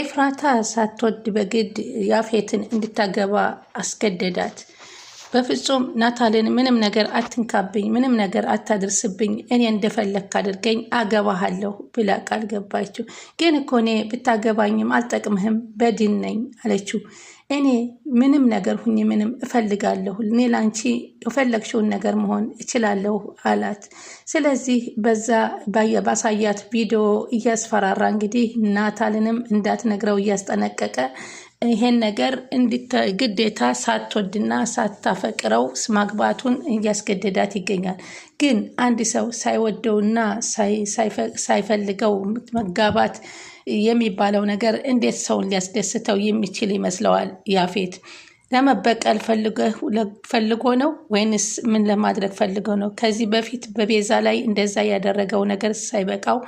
ኤፍራታ ሳትወድ በግድ ያፌትን እንድታገባ አስገደዳት። በፍጹም ናታልን ምንም ነገር አትንካብኝ፣ ምንም ነገር አታድርስብኝ፣ እኔ እንደፈለግክ አድርገኝ አገባሃለሁ ብላ ቃል ገባችው። ግን እኮ እኔ ብታገባኝም አልጠቅምህም በድን ነኝ አለችው። እኔ ምንም ነገር ሁኝ ምንም እፈልጋለሁ፣ እኔ ላንቺ የፈለግሽውን ነገር መሆን እችላለሁ አላት። ስለዚህ በዛ ባሳያት ቪዲዮ እያስፈራራ እንግዲህ ናታልንም እንዳትነግረው እያስጠነቀቀ ይሄን ነገር ግዴታ ሳትወድና ሳታፈቅረው ማግባቱን እያስገደዳት ይገኛል። ግን አንድ ሰው ሳይወደውና ሳይፈልገው መጋባት የሚባለው ነገር እንዴት ሰውን ሊያስደስተው የሚችል ይመስለዋል? ያፌት ለመበቀል ፈልጎ ነው ወይንስ ምን ለማድረግ ፈልጎ ነው? ከዚህ በፊት በቤዛ ላይ እንደዛ ያደረገው ነገር ሳይበቃው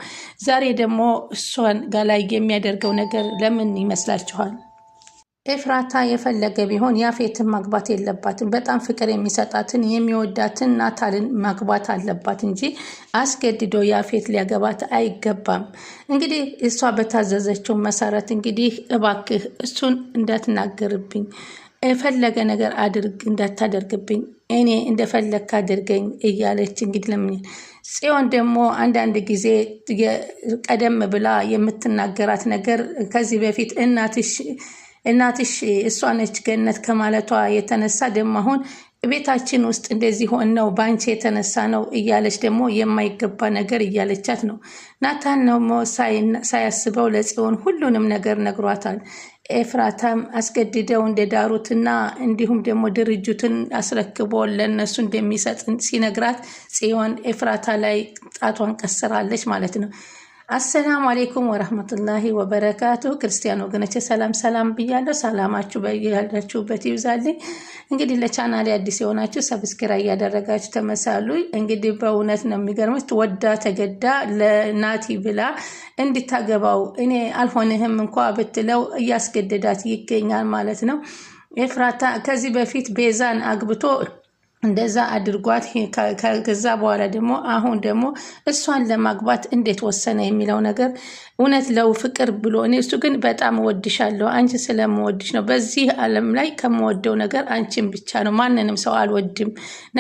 ዛሬ ደግሞ እሷን ጋላይ ላይ የሚያደርገው ነገር ለምን ይመስላችኋል? ኤፍራታ የፈለገ ቢሆን ያፌትን ማግባት የለባትም። በጣም ፍቅር የሚሰጣትን የሚወዳትን ናታልን ማግባት አለባት እንጂ አስገድዶ ያፌት ሊያገባት አይገባም። እንግዲህ እሷ በታዘዘችው መሰረት እንግዲህ እባክህ እሱን እንዳትናገርብኝ የፈለገ ነገር አድርግ እንዳታደርግብኝ እኔ እንደፈለግክ አድርገኝ እያለች እንግዲህ ለምን ጽዮን ደግሞ አንዳንድ ጊዜ ቀደም ብላ የምትናገራት ነገር ከዚህ በፊት እናትሽ እናትሽ እሷ ነች ገነት ከማለቷ የተነሳ ደግሞ አሁን ቤታችን ውስጥ እንደዚህ ሆን ነው በአንቺ የተነሳ ነው እያለች ደግሞ የማይገባ ነገር እያለቻት ነው። ናታን ደግሞ ሳያስበው ለጽዮን ሁሉንም ነገር ነግሯታል። ኤፍራታም አስገድደው እንደዳሩትና እንዲሁም ደግሞ ድርጅቱን አስረክቦ ለእነሱ እንደሚሰጥ ሲነግራት ጽዮን ኤፍራታ ላይ ጣቷን ቀስራለች ማለት ነው። አሰላሙ አሌይኩም ወረህመቱላሂ ወበረካቱ። ክርስቲያን ወገኖቼ ሰላም ሰላም ብያለሁ። ሰላማችሁ ያላችሁበት ይብዛልኝ። እንግዲህ ለቻናሌ አዲስ የሆናችሁ ሰብስክራይብ እያደረጋችሁ ተመሳሉ። እንግዲህ በእውነት ነው የሚገርመች ወዳ ተገዳ ለናቲ ብላ እንድታገባው እኔ አልሆንህም እንኳ ብትለው እያስገደዳት ይገኛል ማለት ነው። ኤፍራታ ከዚህ በፊት ቤዛን አግብቶ እንደዛ አድርጓት። ከዛ በኋላ ደግሞ አሁን ደግሞ እሷን ለማግባት እንዴት ወሰነ የሚለው ነገር እውነት ለው ፍቅር ብሎ እኔ እሱ ግን በጣም እወድሻለሁ አንቺ ስለምወድሽ ነው። በዚህ ዓለም ላይ ከምወደው ነገር አንቺን ብቻ ነው፣ ማንንም ሰው አልወድም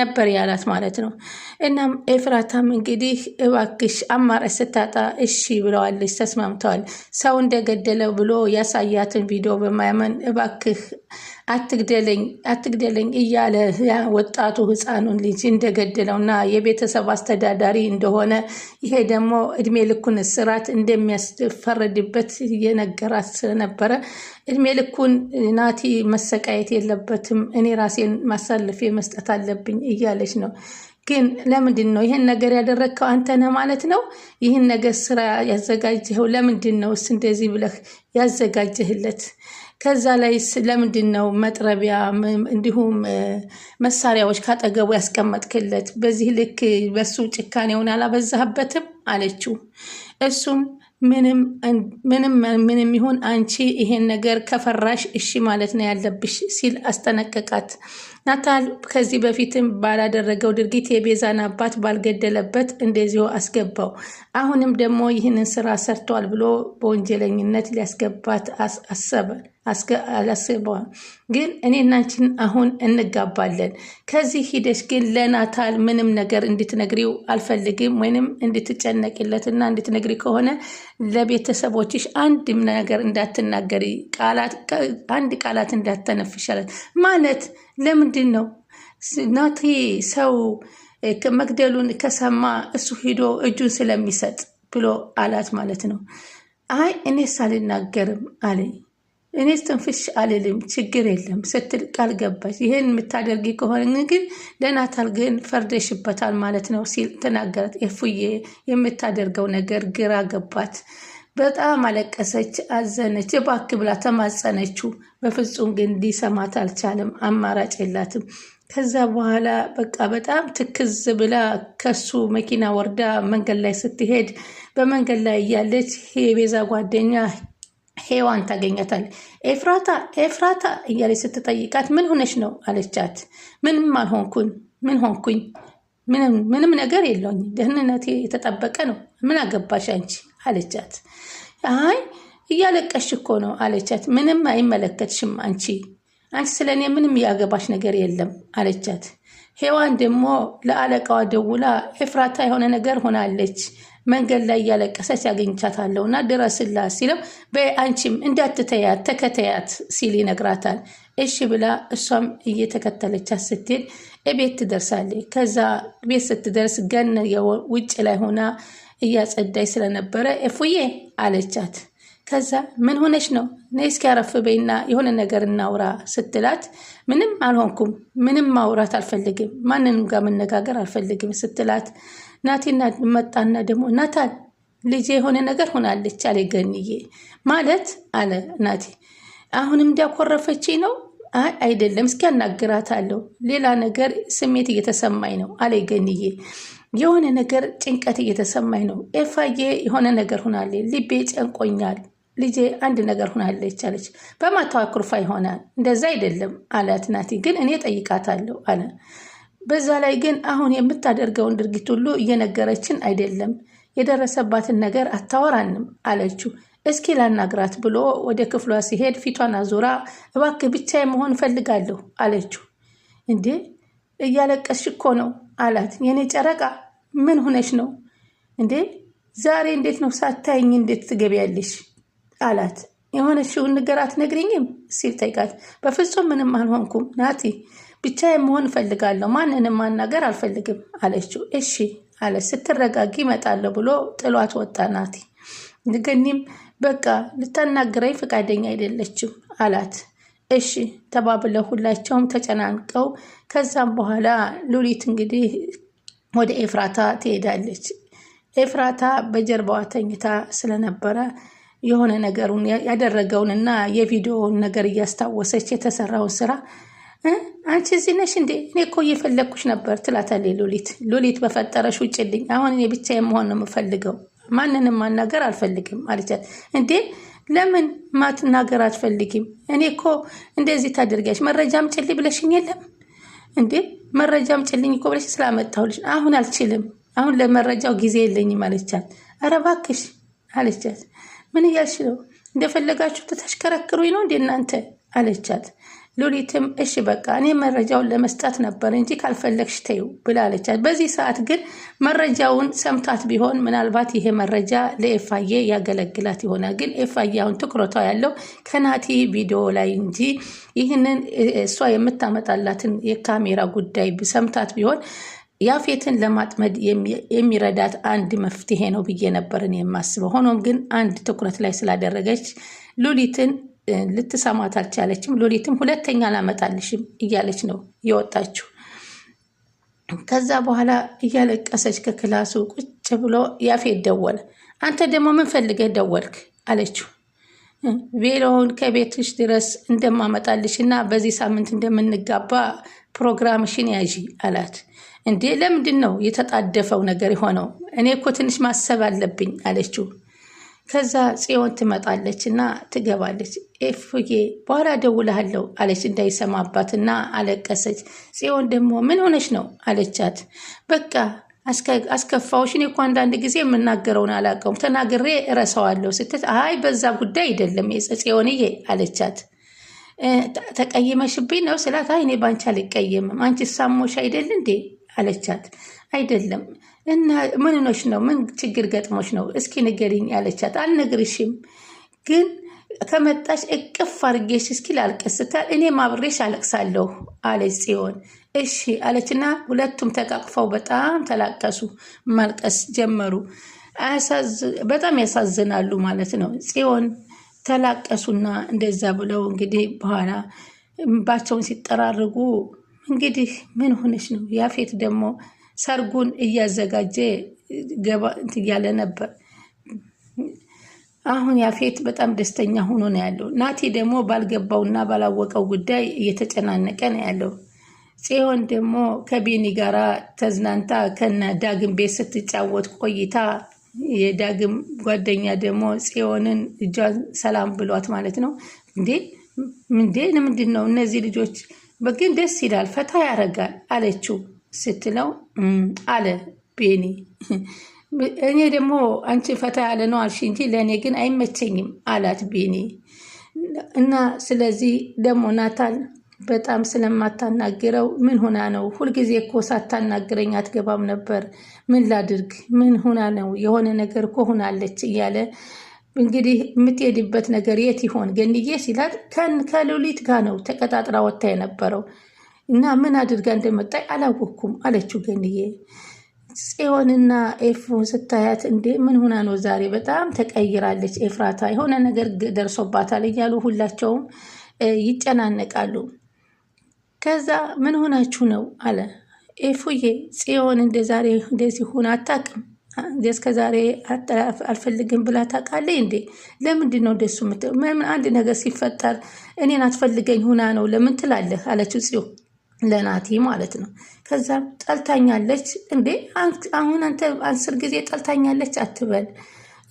ነበር ያላት ማለት ነው። እናም ኤፍራታም እንግዲህ እባክሽ አማራጭ ስታጣ እሺ ብለዋለች፣ ተስማምተዋል። ሰው እንደገደለ ብሎ ያሳያትን ቪዲዮ በማያመን እባክህ አትግደለኝ አትግደለኝ እያለ ወጣቱ ህፃኑን ልጅ እንደገደለው እና የቤተሰብ አስተዳዳሪ እንደሆነ ይሄ ደግሞ እድሜ ልኩን እስራት እንደሚያስፈረድበት እየነገራት ስለነበረ እድሜ ልኩን ናቲ መሰቃየት የለበትም፣ እኔ ራሴን ማሳልፌ መስጠት አለብኝ እያለች ነው። ግን ለምንድን ነው ይህን ነገር ያደረግከው? አንተ ነህ ማለት ነው። ይህን ነገር ስራ ያዘጋጀኸው ለምንድን ነው? እስ እንደዚህ ብለህ ያዘጋጀህለት ከዛ ላይ ለምንድን ነው መጥረቢያ እንዲሁም መሳሪያዎች ካጠገቡ ያስቀመጥክለት? በዚህ ልክ በሱ ጭካኔውን አላበዛህበትም አለችው። እሱም ምንም ምንም ይሁን አንቺ ይሄን ነገር ከፈራሽ እሺ ማለት ነው ያለብሽ ሲል አስጠነቀቃት። ናታል ከዚህ በፊትም ባላደረገው ድርጊት የቤዛን አባት ባልገደለበት እንደዚሁ አስገባው። አሁንም ደግሞ ይህንን ስራ ሰርቷል ብሎ በወንጀለኝነት ሊያስገባት አሰበ። አላስበዋል። ግን እኔ እናንቺን አሁን እንጋባለን። ከዚህ ሂደሽ ግን ለናታል ምንም ነገር እንድትነግሪው አልፈልግም፣ ወይንም እንድትጨነቂለትና እንድትነግሪ ከሆነ ለቤተሰቦችሽ አንድም ነገር እንዳትናገሪ፣ አንድ ቃላት እንዳተነፍሻለት። ማለት ለምንድን ነው ናቲ ሰው መግደሉን ከሰማ እሱ ሂዶ እጁን ስለሚሰጥ ብሎ አላት ማለት ነው። አይ እኔስ አልናገርም አለኝ። እኔ ትንፍሽ አልልም ችግር የለም ስትል ቃል ገባች። ይህን የምታደርጊ ከሆነ ግን ለናታል ግን ፈርደሽበታል ማለት ነው ሲል ተናገራት። ኤፉዬ የምታደርገው ነገር ግራ ገባት። በጣም አለቀሰች፣ አዘነች፣ እባክህ ብላ ተማጸነችው። በፍጹም ግን ሊሰማት አልቻለም። አማራጭ የላትም። ከዛ በኋላ በቃ በጣም ትክዝ ብላ ከሱ መኪና ወርዳ መንገድ ላይ ስትሄድ በመንገድ ላይ እያለች የቤዛ ጓደኛ ሄዋን ታገኛታል። ኤፍራታ ኤፍራታ እያለች ስትጠይቃት ምን ሆነች ነው አለቻት። ምንም አልሆንኩኝ፣ ምን ሆንኩኝ? ምንም ነገር የለውኝ ደህንነቴ የተጠበቀ ነው። ምን አገባሽ አንቺ አለቻት። አይ እያለቀሽ እኮ ነው አለቻት። ምንም አይመለከትሽም አንቺ አንቺ ስለ እኔ ምንም ያገባሽ ነገር የለም አለቻት። ሄዋን ደግሞ ለአለቃዋ ደውላ ኤፍራታ የሆነ ነገር ሆናለች፣ መንገድ ላይ እያለቀሰች ያገኝቻታለሁ እና ድረስላት ሲለው በአንቺም እንዳትተያት ተከተያት ሲል ይነግራታል። እሺ ብላ እሷም እየተከተለቻት ስትሄድ እቤት ትደርሳለች። ከዛ ቤት ስትደርስ ገን ውጭ ላይ ሆና እያጸዳይ ስለነበረ እፉዬ አለቻት። ከዛ ምን ሆነች ነው ነይ እስኪ ያረፍ በይና የሆነ ነገር እናውራ ስትላት፣ ምንም አልሆንኩም፣ ምንም ማውራት አልፈልግም፣ ማንንም ጋር መነጋገር አልፈልግም ስትላት ናቲ መጣና ደግሞ ናታን ልጄ የሆነ ነገር ሆናለች አለ ገንዬ። ማለት አለ ናቲ አሁንም እንዲያኮረፈች ነው? አይ አይደለም፣ እስኪ ያናግራታለሁ። ሌላ ነገር ስሜት እየተሰማኝ ነው አለ ገንዬ። የሆነ ነገር ጭንቀት እየተሰማኝ ነው ኤፋዬ፣ የሆነ ነገር ሆናለ፣ ልቤ ጨንቆኛል ልጄ አንድ ነገር ሆናለች አለች። በማታዋ ኩርፋ ይሆናል እንደዛ አይደለም አላት ናቲ። ግን እኔ ጠይቃታለሁ አለ በዛ ላይ ግን አሁን የምታደርገውን ድርጊት ሁሉ እየነገረችን አይደለም፣ የደረሰባትን ነገር አታወራንም አለችው። እስኪ ላናግራት ብሎ ወደ ክፍሏ ሲሄድ ፊቷን አዙራ እባክህ ብቻ መሆን እፈልጋለሁ አለችው። እንዴ እያለቀስሽ እኮ ነው አላት። የኔ ጨረቃ ምን ሆነሽ ነው እንዴ? ዛሬ እንዴት ነው ሳታይኝ እንዴት ትገቢያለሽ? አላት። የሆነሽውን ንገራት ነግሪኝም ሲል ጠይቃት። በፍጹም ምንም አልሆንኩም ናቲ ብቻ የመሆን እፈልጋለሁ፣ ማንንም ማናገር አልፈልግም አለችው። እሺ አለ። ስትረጋጊ እመጣለሁ ብሎ ጥሏት ወጣ። ናቲ ንገኒም በቃ ልታናግረኝ ፈቃደኛ አይደለችም አላት። እሺ ተባብለው ሁላቸውም ተጨናንቀው ከዛም በኋላ ሉሊት እንግዲህ ወደ ኤፍራታ ትሄዳለች። ኤፍራታ በጀርባዋ ተኝታ ስለነበረ የሆነ ነገሩን ያደረገውንና የቪዲዮውን ነገር እያስታወሰች የተሰራውን ስራ አንቺ እዚህ ነሽ እንዴ? እኔ እኮ እየፈለግኩሽ ነበር ትላታለች ሉሊት። ሉሊት በፈጠረሽ ውጭልኝ፣ አሁን እኔ ብቻ መሆን ነው የምፈልገው፣ ማንንም ማናገር አልፈልግም አለቻት። እንዴ ለምን ማትናገር አትፈልጊም? እኔ እኮ እንደዚህ ታደርጊያለሽ፣ መረጃም ጭልኝ ብለሽኝ የለም እንዴ? መረጃም ጭልኝ እኮ ብለሽ ስላመጣሁልሽ አሁን አልችልም፣ አሁን ለመረጃው ጊዜ የለኝም አለቻት። ኧረ እባክሽ አለቻት። ምን እያልሽ ነው? እንደፈለጋችሁ ተተሽከረክሩኝ ነው እንዴ እናንተ አለቻት። ሉሊትም እሺ በቃ እኔ መረጃውን ለመስጠት ነበር እንጂ ካልፈለግሽ ተዩ ብላለቻት። በዚህ ሰዓት ግን መረጃውን ሰምታት ቢሆን ምናልባት ይሄ መረጃ ለኤፋዬ ያገለግላት ይሆናል። ግን ኤፋዬ አሁን ትኩረቷ ያለው ከናቲ ቪዲዮ ላይ እንጂ ይህንን እሷ የምታመጣላትን የካሜራ ጉዳይ ሰምታት ቢሆን ያፌትን ለማጥመድ የሚረዳት አንድ መፍትሄ ነው ብዬ ነበርን የማስበው። ሆኖም ግን አንድ ትኩረት ላይ ስላደረገች ሉሊትን ልትሰማት አልቻለችም። ሎሊትም ሁለተኛ አላመጣልሽም እያለች ነው እየወጣችው። ከዛ በኋላ እያለቀሰች ከክላሱ ቁጭ ብሎ ያፌት ደወለ። አንተ ደግሞ ምን ፈልገህ ደወልክ? አለችው። ቬሎውን ከቤትሽ ድረስ እንደማመጣልሽ እና በዚህ ሳምንት እንደምንጋባ ፕሮግራምሽን ያዢ አላት። እንዴ ለምንድን ነው የተጣደፈው ነገር የሆነው? እኔ እኮ ትንሽ ማሰብ አለብኝ አለችው። ከዛ ጽዮን ትመጣለች እና ትገባለች። ኤፉዬ በኋላ ደውልሃለሁ አለች እንዳይሰማባትና አለቀሰች። ጽዮን ደግሞ ምን ሆነች ነው አለቻት። በቃ አስከፋዎች እኔ እኮ አንዳንድ ጊዜ የምናገረውን አላውቀውም ተናግሬ እረሳዋለሁ ስትት አይ በዛ ጉዳይ አይደለም ጽዮንዬ አለቻት። ተቀይመሽብኝ ነው ስላት አይ እኔ ባንቺ አልቀየምም አንቺ ሳሞሽ አይደል እንዴ አለቻት። አይደለም እና ምንኖች ነው? ምን ችግር ገጥሞች ነው? እስኪ ንገሪኝ አለቻት። አልነግርሽም ግን ከመጣሽ እቅፍ አርጌሽ እስኪ ላልቅስ ስታል እኔም አብሬሽ አለቅሳለሁ አለች ጽዮን። እሺ አለችና ሁለቱም ተቃቅፈው በጣም ተላቀሱ፣ ማልቀስ ጀመሩ። በጣም ያሳዝናሉ ማለት ነው። ጽዮን ተላቀሱና እንደዛ ብለው እንግዲህ በኋላ እንባቸውን ሲጠራርጉ እንግዲህ ምን ሆነች ነው ያፌት ደግሞ ሰርጉን እያዘጋጀ ገባ እያለ ነበር አሁን ያፌት በጣም ደስተኛ ሆኖ ነው ያለው። ናቲ ደግሞ ባልገባውና ባላወቀው ጉዳይ እየተጨናነቀ ነው ያለው። ጽዮን ደግሞ ከቤኒ ጋራ ተዝናንታ ከነ ዳግም ቤት ስትጫወት ቆይታ የዳግም ጓደኛ ደግሞ ጽዮንን እጇን ሰላም ብሏት ማለት ነው እንዴ ምንዴ ምንድን ነው እነዚህ ልጆች ግን ደስ ይላል፣ ፈታ ያደርጋል አለችው ስትለው አለ ቤኒ እኔ ደግሞ አንቺ ፈታ ያለ ነው አልሽ እንጂ ለእኔ ግን አይመቸኝም አላት ቢኒ። እና ስለዚህ ደግሞ ናታን በጣም ስለማታናግረው ምን ሆና ነው? ሁልጊዜ እኮ ሳታናግረኝ አትገባም ነበር። ምን ላድርግ? ምን ሆና ነው? የሆነ ነገር እኮ ሆናለች እያለ እንግዲህ የምትሄድበት ነገር የት ይሆን ገንዬ ሲላት ከሉሊት ጋር ነው ተቀጣጥራ ወታ የነበረው እና ምን አድርጋ እንደመጣይ አላወቅኩም አለችው ገንዬ ጽዮንና ኤፉ ስታያት እንዴ ምን ሆና ነው ዛሬ በጣም ተቀይራለች፣ ኤፍራታ የሆነ ነገር ደርሶባታል እያሉ ሁላቸውም ይጨናነቃሉ። ከዛ ምን ሆናችሁ ነው አለ ኤፉዬ። ጽዮን እንደ ዛሬ እንደዚህ ሆና አታውቅም፣ እስከ ዛሬ አልፈልግም ብላ ታውቃለች እንዴ? ለምንድን ነው እንደሱ? ምን አንድ ነገር ሲፈጠር እኔን አትፈልገኝ ሁና ነው ለምን ትላለህ? አለችው ጽዮን ለናቲ ማለት ነው። ከዛም ጠልታኛለች እንዴ አሁን አንተ አስር ጊዜ ጠልታኛለች አትበል።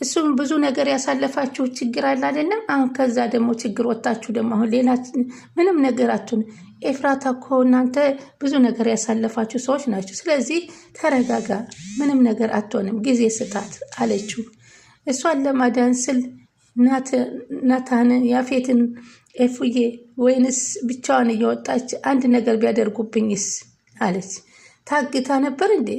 እሱም ብዙ ነገር ያሳለፋችሁ ችግር አለ አይደለም? አሁን ከዛ ደግሞ ችግር ወጥታችሁ ደግሞ አሁን ሌላ ምንም ነገር አቱን ኤፍራታ እኮ እናንተ ብዙ ነገር ያሳለፋችሁ ሰዎች ናቸው። ስለዚህ ተረጋጋ፣ ምንም ነገር አትሆንም፣ ጊዜ ስጣት አለችው እሷን ለማዳን ስል ናታን ያፌትን ኤፉዬ ወይንስ ብቻዋን እየወጣች አንድ ነገር ቢያደርጉብኝስ አለች። ታግታ ነበር እንዴ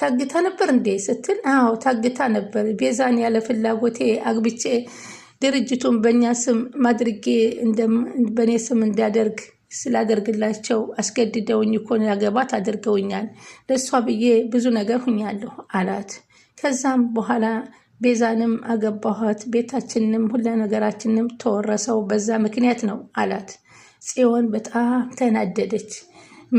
ታግታ ነበር እንዴ ስትል፣ አዎ ታግታ ነበር። ቤዛን ያለ ፍላጎቴ አግብቼ ድርጅቱን በእኛ ስም ማድርጌ በእኔ ስም እንዳደርግ ስላደርግላቸው አስገድደውኝ እኮ ያገባት አድርገውኛል። ለእሷ ብዬ ብዙ ነገር ሁኛለሁ አላት። ከዛም በኋላ ቤዛንም አገባኋት፣ ቤታችንም ሁለ ነገራችንም ተወረሰው በዛ ምክንያት ነው አላት። ጽዮን በጣም ተናደደች።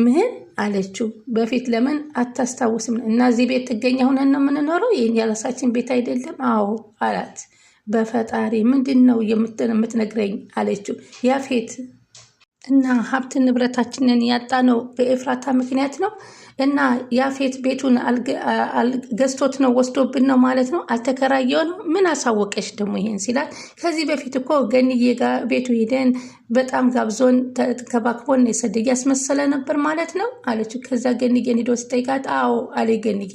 ምን አለችው? በፊት ለምን አታስታውስም? እና እዚህ ቤት ትገኝ ሁነን ነው የምንኖረው፣ ይህን የራሳችን ቤት አይደለም? አዎ አላት። በፈጣሪ ምንድን ነው የምትነግረኝ? አለችው ያፌት እና ሀብት ንብረታችንን ያጣነው በኤፍራታ ምክንያት ነው እና ያፌት ቤቱን ገዝቶት ነው ወስዶብን ነው ማለት ነው። አልተከራየው ነው ምን አሳወቀች ደግሞ ይሄን ሲላት፣ ከዚህ በፊት እኮ ገንዬ ጋር ቤቱ ሂደን በጣም ጋብዞን ተከባክቦን የሰደ ያስመሰለ ነበር ማለት ነው አለች። ከዛ ገንዬን ሂዶ ስጠይቃት አዎ አለ ገንዬ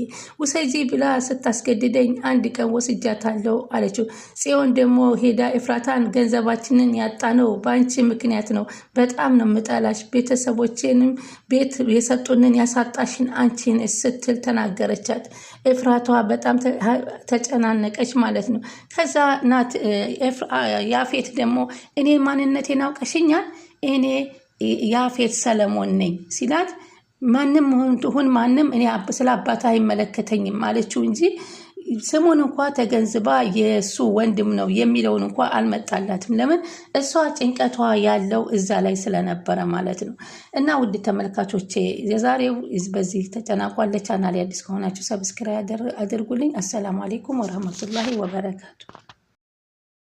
ውሰጂ ብላ ስታስገድደኝ አንድ ቀን ወስጃታለሁ አለችው። ጽዮን ደግሞ ሄዳ ኤፍራታን ገንዘባችንን ያጣነው በአንቺ ምክንያት ነው በጣም በጣም ነው ምጠላሽ፣ ቤተሰቦቼንም ቤት የሰጡንን ያሳጣሽን አንቺን ስትል ተናገረቻት። ኤፍራቷ በጣም ተጨናነቀች ማለት ነው። ከዛ ናት ያፌት ደግሞ እኔ ማንነቴን አውቀሽኛል፣ እኔ ያፌት ሰለሞን ነኝ ሲላት ማንም ሁን ማንም እኔ ስለ አባት አይመለከተኝም አለችው እንጂ ስሙን እንኳ ተገንዝባ የእሱ ወንድም ነው የሚለውን እንኳ አልመጣላትም። ለምን እሷ ጭንቀቷ ያለው እዛ ላይ ስለነበረ ማለት ነው። እና ውድ ተመልካቾቼ የዛሬው በዚህ ተጨናቋል። ለቻናል አዲስ ከሆናችሁ ሰብስክራይብ አድርጉልኝ። አሰላሙ አሌይኩም ወረህመቱላሂ ወበረካቱ